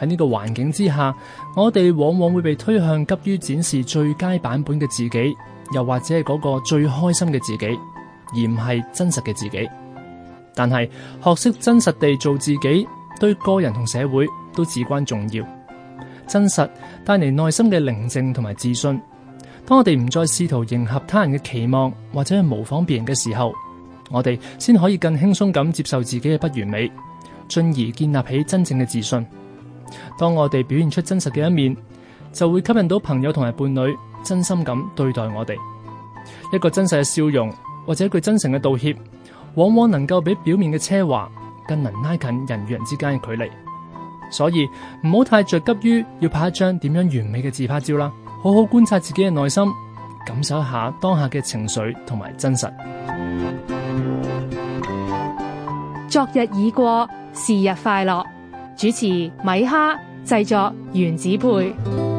喺呢個環境之下，我哋往往會被推向急於展示最佳版本嘅自己，又或者係嗰個最開心嘅自己，而唔係真實嘅自己。但係學識真實地做自己，對個人同社會都至關重要。真實帶嚟內心嘅寧靜同埋自信。當我哋唔再試圖迎合他人嘅期望，或者係模仿別人嘅時候，我哋先可以更輕鬆咁接受自己嘅不完美，進而建立起真正嘅自信。當我哋表現出真實嘅一面，就會吸引到朋友同埋伴侶真心咁對待我哋。一個真實嘅笑容或者一句真誠嘅道歉，往往能夠比表面嘅奢華更能拉近人與人之間嘅距離。所以唔好太着急於要拍一張點樣完美嘅自拍照啦，好好觀察自己嘅內心，感受一下當下嘅情緒同埋真實。昨日已過，是日快樂。主持米哈，製作原子配。